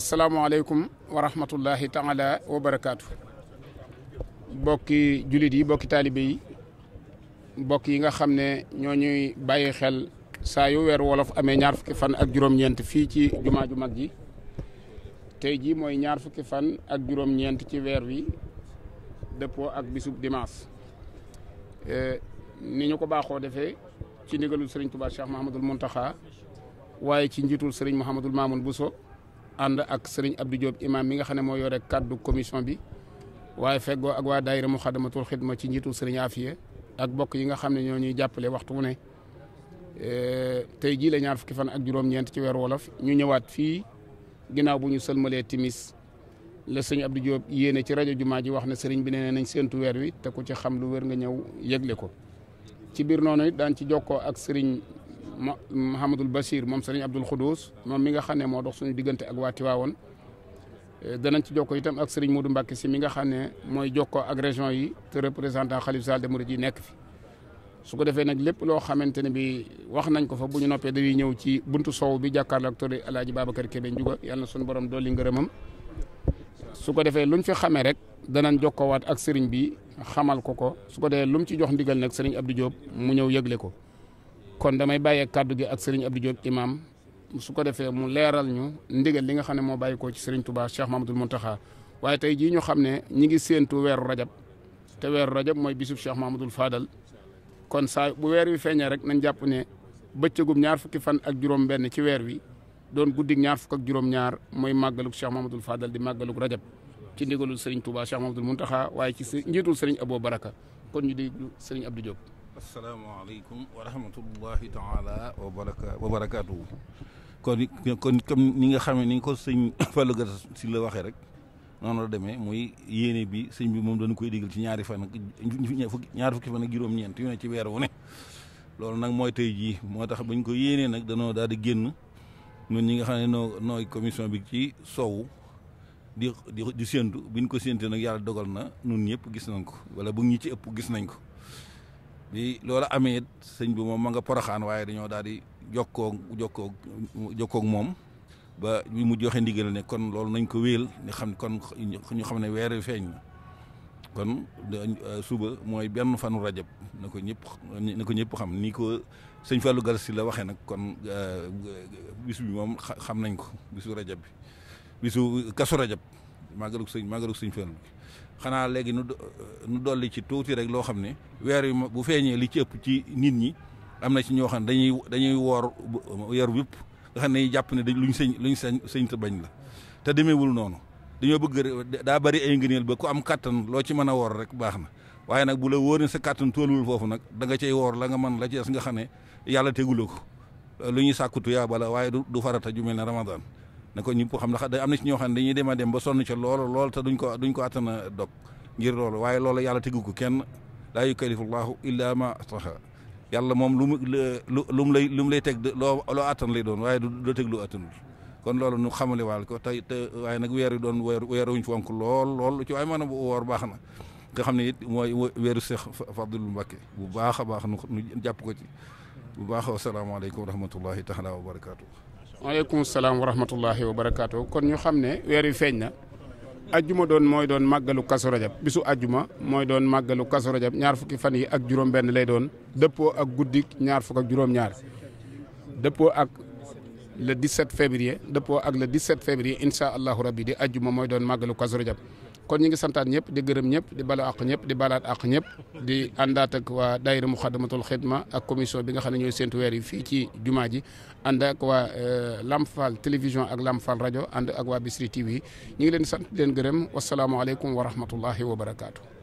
asalaamaaleykum wa rahmatullahi taala wa barakaatu. bokki jullit yi bokki taalibe yi bokk yi nga xam ne ñoo ñuy bàyyi xel saa yu weer wolof amee ñaar fukki fan ak juróom-ñeent fii ci jumaa ju mag ji tey jii mooy ñaar fukki fan ak juróom-ñeent ci weer wi dëppoo ak bisub dimanche e, ni ñu ko baaxoo defee ci ndigalul sëriñ Tuubaa Cheikh Mahamadul Muntaxa waaye ci njiitul sëriñ Mouhamadul Mamoun Bousso ànd ak sëriñ Abdou Diop imam mi nga xam ne moo yore kàddu commission bi waaye feggoo ak waa daayira Muxaddamatul Xidma ci njiitu sëriñ Afiye ak bokk yi nga xam ne ñoo ñuy jàppale waxtu wu ne e, tey jii la ñaar fukki fan ak juróom-ñeent ci weeru wolof ñu ñëwaat fii ginnaaw bu ñu sëlmalee timis la sëñ Abdou Diop yéene ci rajo jumaa ji wax ne sëriñ bi nee nañ séentu weer wi te ku ci xam lu wér nga ñëw yëgle ko ci biir noonu it daan ci jokkoo Mouhamadul bashir moom sëriñ Abdul Khoudous moom mi nga xam ne moo dox suñu diggante ak waa Tiwaawoon eh, danañ ci jokkoo tam ak sëriñ Modou Mbacke si mi nga xam ne mooy jokko ak région yi te représentant xalif sal de Mouride yi nekk fi su ko defee nag lépp loo xamante ne bi wax nañ ko fa bu ñu noppee dañuy ñëw ci buntu sow bi jàkkaarloo ak tori Alaaji kar Kébé Ndiouga yàlla na suñu borom dolli ngërëmam su ko defee luñ fi xamee rek danañ jokkoowaat ak sëriñ bi xamal ko ko su ko defee lu mu ci jox ndigal nag sëriñ Abdou Diop mu ñëw yëgle ko kon damay bàyyee kàddu gi ak Serigne Abdou Diop imam su ko defee mu leeral ñu ndigal li nga xam ne moo bàyyi koo ci Serigne Touba Cheikh Mamadou Mountakha waaye tey jii ñu xam ne ñi ngi séentu weeru rajab te weeru rajab mooy bisub Cheikh Mamadou Fadal kon saa bu weer wi feeñee rek nañ jàpp ne bëccëgum ñaar fukki fan ak juróom-benn ci weer wi doon guddig ñaar fukk ak juróom-ñaar mooy màggalug Cheikh Mamadou Fadal di màggalug rajab ci ndigalul Serigne Touba Cheikh Mamadou Mountakha waaye ci njiitul sëriñ Abo Baraka kon ñu déglu Serigne Abdou asalaamaaleykum wa rahmatullahi taala wa baraka wa barakaatu. kon kon comme ni nga xamee ni ko sëñ Fallou Gata si la waxee rek noonu la demee muy yéene bi sëñ bi moom dañu koy digal ci ñaari fan ak ñaar fukki fan ak juróom-ñeent yu ne ci weer wu ne. loolu nag mooy tey jii moo tax bañ ko yéenee nag danoo daal di génn ñun ñi nga xam ne noo nooy commission bi ci soow di di di séentu ko séentee nag yàlla dogal na ñun ñëpp gis nañ ko wala bu ñu ci ëpp gis nañ ko. bi loolu amee it sëñ bi moom ma nga poroxaan waaye dañoo daal di jokkook jokkook jokkoog moom ba bi mu joxe ndigal ne kon loolu nañ ko wéel ni xam kon ñu xam ne weer wi feeñ na kon euh, suba mooy benn fanu rajab na ko ñëpp ko ñëpp xam ni ko sëñ Fallou Galass si la waxee nag kon euh, bis bi moom xam nañ ko bisu rajab bi bisu kasu rajab màggalu sëñ màggalu sëñ Fallou xanaa léegi nu nu dolli ci tuuti rek loo xam ne weer wi bu feeñee li ci ëpp ci nit ñi am na ci ñoo xam ne dañuy dañuy woor weer wépp nga xam ne jàpp ne dañ ñu sëñ luñ sëñ sëñ te bañ la te demeewul noonu dañoo bëgg daa bari ay ngëneel ba ku am kàttan loo ci mën a woor rek baax na waaye nag bu la wóor ne sa kàttan toolul foofu nag da nga cay woor la nga man la ci des nga xam ne yàlla teguloo ko lu ñu sàkkutu yaa bala waaye du farata ju na ne Ramadan na ko ñëpp xam ndax day am na ci ñoo xam ne dañuy dem dem ba sonn ca loolu lool te duñ ko duñ ko a dog ngir loolu waaye loolu yàlla tegu ko kenn laa yukallifu llaahu illaa ma ataha yàlla moom lu mu lu mu lay lu mu lay teg loo loo attan lay doon waaye du du teg lu attanul kon loolu nu xamale waal ko tey te waaye nag weer doon weer weeruñ fonk lool lool ci waaye bu woor baax na nga xam ne it mooy weeru Seex Fadilu Mbàkke bu baax a baax nu jàpp ko ci bu baax asalaamaaleykum wa rahmatullahi taala wa barakaatu waaleykum salaam wa rahmatullahi wa barakaatu kon ñu xam ne weer wi feeñ na ajjuma doon mooy doon màggalu kasu rajab bisu ajjuma mooy doon màggalu kasu rajab ñaar fukki fan yi ak juróom-benn lay doon dëppoo ak guddik ñaar fukk ak juróom-ñaar dëppoo ak le 17 février dëppoo ak le 17 février incha allahu rabbi di ajjuma mooy doon màggalu kasu rajab kon ñu ngi santaat ñëpp di gërëm ñëpp di bala àq ñëpp di balaat àq ñëpp di àndaat ak waa daayira Muxaddamatul Xidma ak commission bi nga xam ne ñooy séntu weer yi fii ci jumaa ji ànd ak waa euh, Lamfal télévision ak Lamfal rajo ànd ak waa Bisri TV ñu ngi leen sant leen gërëm wasalaamualeykum wa rahmatullahi wa barakaatu.